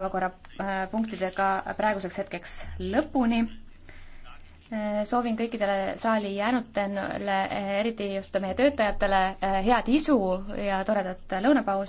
päevakorrapunktidega praeguseks hetkeks lõpuni. soovin kõikidele saali jäänutele, eriti just meie töötajatele, head isu ja toredat lõunapausi.